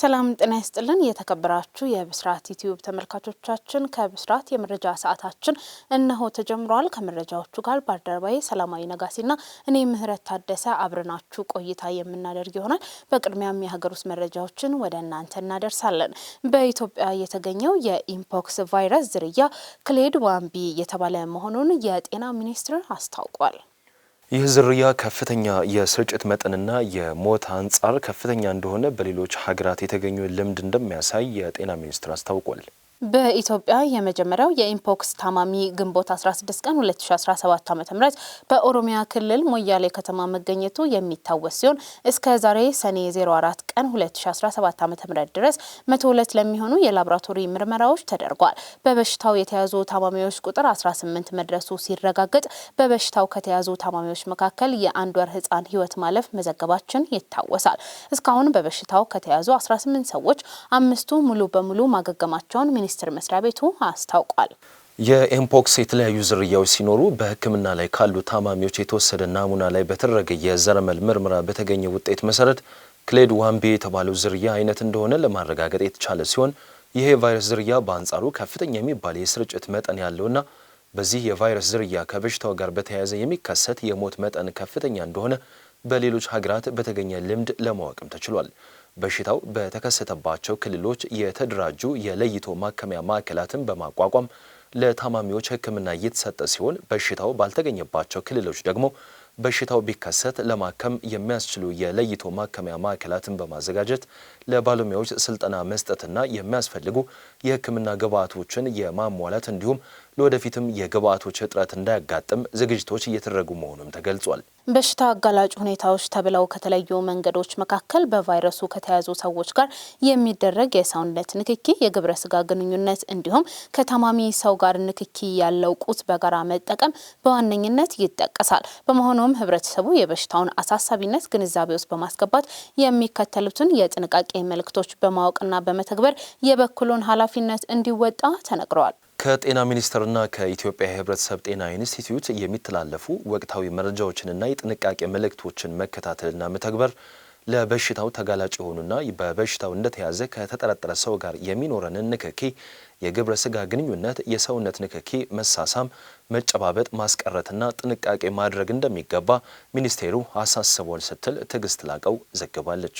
ሰላም ጤና ይስጥልን። የተከበራችሁ የብስራት ዩቲዩብ ተመልካቾቻችን ከብስራት የመረጃ ሰዓታችን እነሆ ተጀምሯል። ከመረጃዎቹ ጋር ባልደረባዬ ሰላማዊ ነጋሴና እኔ ምህረት ታደሰ አብረናችሁ ቆይታ የምናደርግ ይሆናል። በቅድሚያም የሀገር ውስጥ መረጃዎችን ወደ እናንተ እናደርሳለን። በኢትዮጵያ የተገኘው የኢምፖክስ ቫይረስ ዝርያ ክሌድ ዋንቢ የተባለ መሆኑን የጤና ሚኒስቴር አስታውቋል። ይህ ዝርያ ከፍተኛ የስርጭት መጠንና የሞት አንጻር ከፍተኛ እንደሆነ በሌሎች ሀገራት የተገኘ ልምድ እንደሚያሳይ የጤና ሚኒስቴር አስታውቋል። በኢትዮጵያ የመጀመሪያው የኢምፖክስ ታማሚ ግንቦት 16 ቀን 2017 ዓ.ም በኦሮሚያ ክልል ሞያሌ ከተማ መገኘቱ የሚታወስ ሲሆን እስከ ዛሬ ሰኔ 04 ቀን 2017 ዓ.ም ድረስ 102 ለሚሆኑ የላቦራቶሪ ምርመራዎች ተደርጓል። በበሽታው የተያዙ ታማሚዎች ቁጥር 18 መድረሱ ሲረጋገጥ በበሽታው ከተያዙ ታማሚዎች መካከል የአንድ ወር ህፃን ህይወት ማለፍ መዘገባችን ይታወሳል። እስካሁን በበሽታው ከተያዙ 18 ሰዎች አምስቱ ሙሉ በሙሉ ማገገማቸውን ሚኒስቴር መስሪያ ቤቱ አስታውቋል። የኤምፖክስ የተለያዩ ዝርያዎች ሲኖሩ በሕክምና ላይ ካሉ ታማሚዎች የተወሰደ ናሙና ላይ በተደረገ የዘረመል ምርመራ በተገኘ ውጤት መሰረት ክሌድ ዋንቤ የተባለው ዝርያ አይነት እንደሆነ ለማረጋገጥ የተቻለ ሲሆን ይህ የቫይረስ ዝርያ በአንጻሩ ከፍተኛ የሚባል የስርጭት መጠን ያለውና በዚህ የቫይረስ ዝርያ ከበሽታው ጋር በተያያዘ የሚከሰት የሞት መጠን ከፍተኛ እንደሆነ በሌሎች ሀገራት በተገኘ ልምድ ለማወቅም ተችሏል። በሽታው በተከሰተባቸው ክልሎች የተደራጁ የለይቶ ማከሚያ ማዕከላትን በማቋቋም ለታማሚዎች ሕክምና እየተሰጠ ሲሆን በሽታው ባልተገኘባቸው ክልሎች ደግሞ በሽታው ቢከሰት ለማከም የሚያስችሉ የለይቶ ማከሚያ ማዕከላትን በማዘጋጀት ለባለሙያዎች ስልጠና መስጠትና የሚያስፈልጉ የሕክምና ግብዓቶችን የማሟላት እንዲሁም ለወደፊትም የግብዓቶች እጥረት እንዳያጋጥም ዝግጅቶች እየተደረጉ መሆኑም ተገልጿል። በሽታ አጋላጭ ሁኔታዎች ተብለው ከተለዩ መንገዶች መካከል በቫይረሱ ከተያዙ ሰዎች ጋር የሚደረግ የሰውነት ንክኪ፣ የግብረ ስጋ ግንኙነት እንዲሁም ከታማሚ ሰው ጋር ንክኪ ያለው ቁስ በጋራ መጠቀም በዋነኝነት ይጠቀሳል። በመሆኑም ህብረተሰቡ የበሽታውን አሳሳቢነት ግንዛቤ ውስጥ በማስገባት የሚከተሉትን የጥንቃቄ ጥያቄ መልእክቶች በማወቅና በመተግበር የበኩሉን ኃላፊነት እንዲወጣ ተነግረዋል። ከጤና ሚኒስቴርና ከኢትዮጵያ የሕብረተሰብ ጤና ኢንስቲትዩት የሚተላለፉ ወቅታዊ መረጃዎችንና የጥንቃቄ መልእክቶችን መከታተልና መተግበር ለበሽታው ተጋላጭ የሆኑና በበሽታው እንደተያዘ ከተጠረጠረ ሰው ጋር የሚኖረንን ንክኪ፣ የግብረ ስጋ ግንኙነት፣ የሰውነት ንክኪ፣ መሳሳም፣ መጨባበጥ ማስቀረትና ጥንቃቄ ማድረግ እንደሚገባ ሚኒስቴሩ አሳስቧል ስትል ትዕግስት ላቀው ዘግባለች።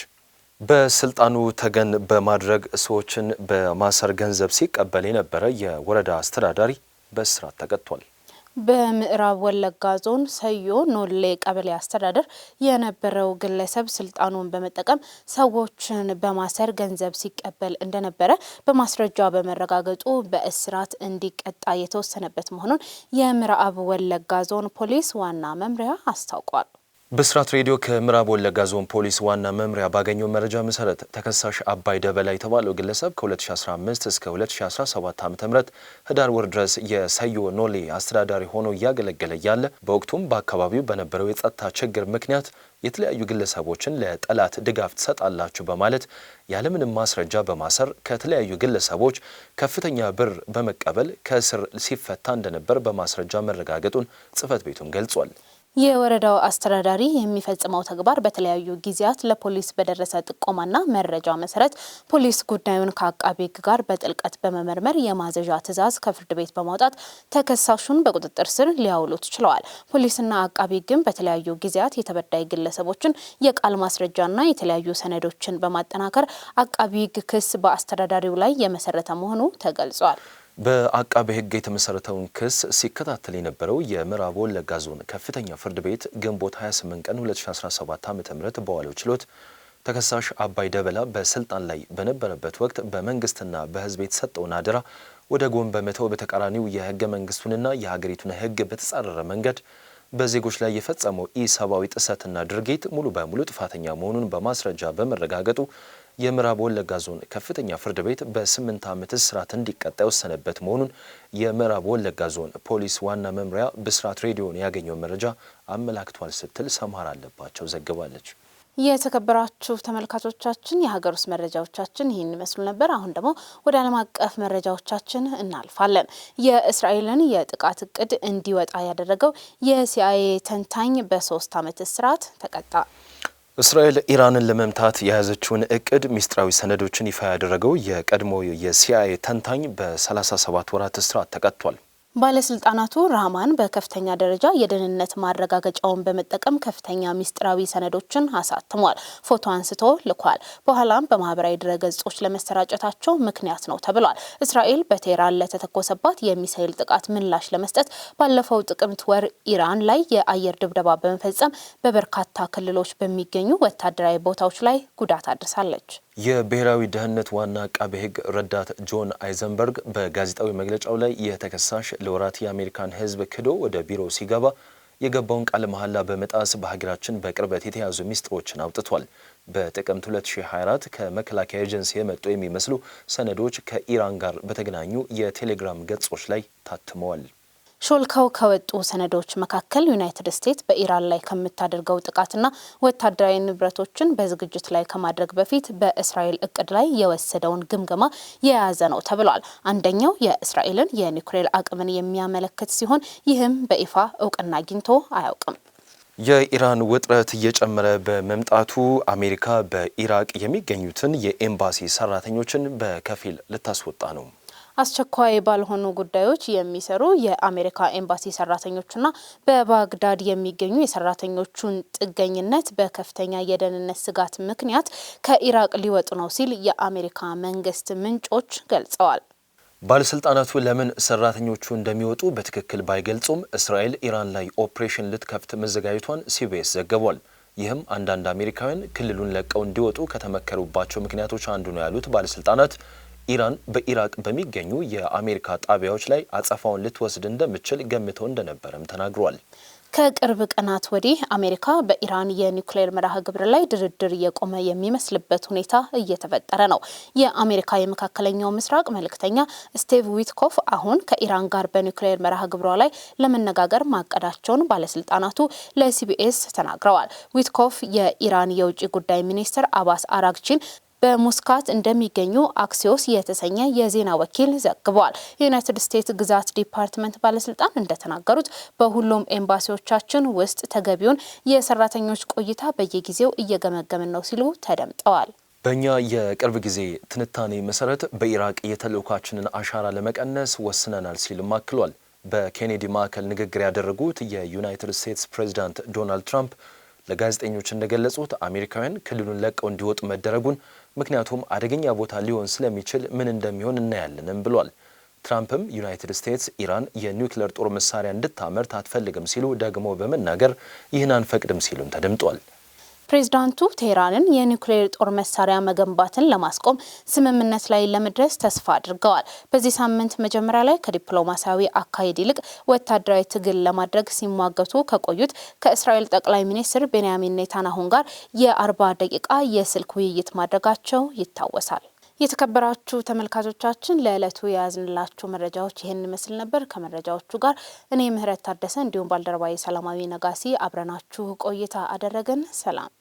በስልጣኑ ተገን በማድረግ ሰዎችን በማሰር ገንዘብ ሲቀበል የነበረ የወረዳ አስተዳዳሪ በእስራት ተቀጥቷል። በምዕራብ ወለጋ ዞን ሰዮ ኖሌ ቀበሌ አስተዳደር የነበረው ግለሰብ ስልጣኑን በመጠቀም ሰዎችን በማሰር ገንዘብ ሲቀበል እንደነበረ በማስረጃ በመረጋገጡ በእስራት እንዲቀጣ የተወሰነበት መሆኑን የምዕራብ ወለጋ ዞን ፖሊስ ዋና መምሪያ አስታውቋል። ብስራት ሬዲዮ ከምዕራብ ወለጋ ዞን ፖሊስ ዋና መምሪያ ባገኘው መረጃ መሰረት ተከሳሽ አባይ ደበላ የተባለው ግለሰብ ከ2015 እስከ 2017 ዓ ም ህዳር ወር ድረስ የሰዮ ኖሌ አስተዳዳሪ ሆኖ እያገለገለ ያለ በወቅቱም በአካባቢው በነበረው የጸጥታ ችግር ምክንያት የተለያዩ ግለሰቦችን ለጠላት ድጋፍ ትሰጣላችሁ በማለት ያለምንም ማስረጃ በማሰር ከተለያዩ ግለሰቦች ከፍተኛ ብር በመቀበል ከእስር ሲፈታ እንደነበር በማስረጃ መረጋገጡን ጽህፈት ቤቱም ገልጿል። የወረዳው አስተዳዳሪ የሚፈጽመው ተግባር በተለያዩ ጊዜያት ለፖሊስ በደረሰ ጥቆማና መረጃ መሰረት ፖሊስ ጉዳዩን ከአቃቢ ሕግ ጋር በጥልቀት በመመርመር የማዘዣ ትዕዛዝ ከፍርድ ቤት በማውጣት ተከሳሹን በቁጥጥር ስር ሊያውሉት ችለዋል። ፖሊስና አቃቤ ሕግም በተለያዩ ጊዜያት የተበዳይ ግለሰቦችን የቃል ማስረጃና የተለያዩ ሰነዶችን በማጠናከር አቃቢ ሕግ ክስ በአስተዳዳሪው ላይ የመሰረተ መሆኑ ተገልጿል። በአቃቤ ሕግ የተመሰረተውን ክስ ሲከታተል የነበረው የምዕራብ ወለጋ ዞን ከፍተኛ ፍርድ ቤት ግንቦት 28 ቀን 2017 ዓ.ም በዋለው ችሎት ተከሳሽ አባይ ደበላ በስልጣን ላይ በነበረበት ወቅት በመንግስትና በህዝብ የተሰጠውን አደራ ወደ ጎን በመተው በተቃራኒው የህገ መንግስቱንና የሀገሪቱን ህግ በተጻረረ መንገድ በዜጎች ላይ የፈጸመው ኢሰብአዊ ጥሰትና ድርጊት ሙሉ በሙሉ ጥፋተኛ መሆኑን በማስረጃ በመረጋገጡ የምዕራብ ወለጋ ዞን ከፍተኛ ፍርድ ቤት በስምንት ዓመት እስራት እንዲቀጣ የወሰነበት መሆኑን የምዕራብ ወለጋ ዞን ፖሊስ ዋና መምሪያ ብስራት ሬዲዮን ያገኘው መረጃ አመላክቷል ስትል ሰማር አለባቸው ዘግባለች። የተከበራችሁ ተመልካቾቻችን የሀገር ውስጥ መረጃዎቻችን ይህን ይመስሉ ነበር። አሁን ደግሞ ወደ ዓለም አቀፍ መረጃዎቻችን እናልፋለን። የእስራኤልን የጥቃት እቅድ እንዲወጣ ያደረገው የሲአይኤ ተንታኝ በሶስት ዓመት እስራት ተቀጣ። እስራኤል ኢራንን ለመምታት የያዘችውን እቅድ ሚስጥራዊ ሰነዶችን ይፋ ያደረገው የቀድሞ የሲአይኤ ተንታኝ በ37 ወራት እስራት ተቀጥቷል። ባለስልጣናቱ ራማን በከፍተኛ ደረጃ የደህንነት ማረጋገጫውን በመጠቀም ከፍተኛ ሚስጥራዊ ሰነዶችን አሳትሟል፣ ፎቶ አንስቶ ልኳል፣ በኋላም በማህበራዊ ድረገጾች ለመሰራጨታቸው ምክንያት ነው ተብሏል። እስራኤል በቴህራን ለተተኮሰባት የሚሳኤል ጥቃት ምላሽ ለመስጠት ባለፈው ጥቅምት ወር ኢራን ላይ የአየር ድብደባ በመፈጸም በበርካታ ክልሎች በሚገኙ ወታደራዊ ቦታዎች ላይ ጉዳት አድርሳለች። የብሔራዊ ደህንነት ዋና አቃቤ ሕግ ረዳት ጆን አይዘንበርግ በጋዜጣዊ መግለጫው ላይ የተከሳሽ ለወራት የአሜሪካን ሕዝብ ክዶ ወደ ቢሮ ሲገባ የገባውን ቃለ መሐላ በመጣስ በሀገራችን በቅርበት የተያዙ ሚስጥሮችን አውጥቷል። በጥቅምት 2024 ከመከላከያ ኤጀንሲ የመጡ የሚመስሉ ሰነዶች ከኢራን ጋር በተገናኙ የቴሌግራም ገጾች ላይ ታትመዋል። ሾልከው ከወጡ ሰነዶች መካከል ዩናይትድ ስቴትስ በኢራን ላይ ከምታደርገው ጥቃትና ወታደራዊ ንብረቶችን በዝግጅት ላይ ከማድረግ በፊት በእስራኤል እቅድ ላይ የወሰደውን ግምገማ የያዘ ነው ተብሏል። አንደኛው የእስራኤልን የኒውክሌር አቅምን የሚያመለክት ሲሆን ይህም በይፋ እውቅና አግኝቶ አያውቅም። የኢራን ውጥረት እየጨመረ በመምጣቱ አሜሪካ በኢራቅ የሚገኙትን የኤምባሲ ሰራተኞችን በከፊል ልታስወጣ ነው። አስቸኳይ ባልሆኑ ጉዳዮች የሚሰሩ የአሜሪካ ኤምባሲ ሰራተኞችና በባግዳድ የሚገኙ የሰራተኞቹን ጥገኝነት በከፍተኛ የደህንነት ስጋት ምክንያት ከኢራቅ ሊወጡ ነው ሲል የአሜሪካ መንግስት ምንጮች ገልጸዋል። ባለስልጣናቱ ለምን ሰራተኞቹ እንደሚወጡ በትክክል ባይገልጹም እስራኤል ኢራን ላይ ኦፕሬሽን ልትከፍት መዘጋጀቷን ሲቢኤስ ዘግቧል። ይህም አንዳንድ አሜሪካውያን ክልሉን ለቀው እንዲወጡ ከተመከሩባቸው ምክንያቶች አንዱ ነው ያሉት ባለስልጣናት ኢራን በኢራቅ በሚገኙ የአሜሪካ ጣቢያዎች ላይ አጸፋውን ልትወስድ እንደምችል ገምተው እንደነበረም ተናግሯል። ከቅርብ ቀናት ወዲህ አሜሪካ በኢራን የኒውክሌር መርሃ ግብር ላይ ድርድር እየቆመ የሚመስልበት ሁኔታ እየተፈጠረ ነው። የአሜሪካ የመካከለኛው ምስራቅ መልእክተኛ ስቲቭ ዊትኮፍ አሁን ከኢራን ጋር በኒውክሌር መርሃ ግብሯ ላይ ለመነጋገር ማቀዳቸውን ባለስልጣናቱ ለሲቢኤስ ተናግረዋል። ዊትኮፍ የኢራን የውጭ ጉዳይ ሚኒስትር አባስ አራግቺን በሙስካት እንደሚገኙ አክሲዮስ የተሰኘ የዜና ወኪል ዘግቧል። የዩናይትድ ስቴትስ ግዛት ዲፓርትመንት ባለስልጣን እንደተናገሩት በሁሉም ኤምባሲዎቻችን ውስጥ ተገቢውን የሰራተኞች ቆይታ በየጊዜው እየገመገምን ነው ሲሉ ተደምጠዋል። በእኛ የቅርብ ጊዜ ትንታኔ መሰረት በኢራቅ የተልእኳችንን አሻራ ለመቀነስ ወስነናል ሲልም አክሏል። በኬኔዲ ማዕከል ንግግር ያደረጉት የዩናይትድ ስቴትስ ፕሬዚዳንት ዶናልድ ትራምፕ ለጋዜጠኞች እንደገለጹት አሜሪካውያን ክልሉን ለቀው እንዲወጡ መደረጉን ምክንያቱም አደገኛ ቦታ ሊሆን ስለሚችል ምን እንደሚሆን እናያለንም ብሏል። ትራምፕም ዩናይትድ ስቴትስ ኢራን የኒውክሌር ጦር መሳሪያ እንድታመርት አትፈልግም ሲሉ ደግሞ በመናገር ይህን አንፈቅድም ሲሉም ተደምጧል። ፕሬዝዳንቱ ቴህራንን የኒውክሌር ጦር መሳሪያ መገንባትን ለማስቆም ስምምነት ላይ ለመድረስ ተስፋ አድርገዋል። በዚህ ሳምንት መጀመሪያ ላይ ከዲፕሎማሲያዊ አካሄድ ይልቅ ወታደራዊ ትግል ለማድረግ ሲሟገቱ ከቆዩት ከእስራኤል ጠቅላይ ሚኒስትር ቤንያሚን ኔታናሁን ጋር የአርባ ደቂቃ የስልክ ውይይት ማድረጋቸው ይታወሳል። የተከበራችሁ ተመልካቾቻችን ለዕለቱ የያዝንላችሁ መረጃዎች ይህን ይመስል ነበር። ከመረጃዎቹ ጋር እኔ ምህረት ታደሰ እንዲሁም ባልደረባዊ ሰላማዊ ነጋሲ አብረናችሁ ቆይታ አደረግን። ሰላም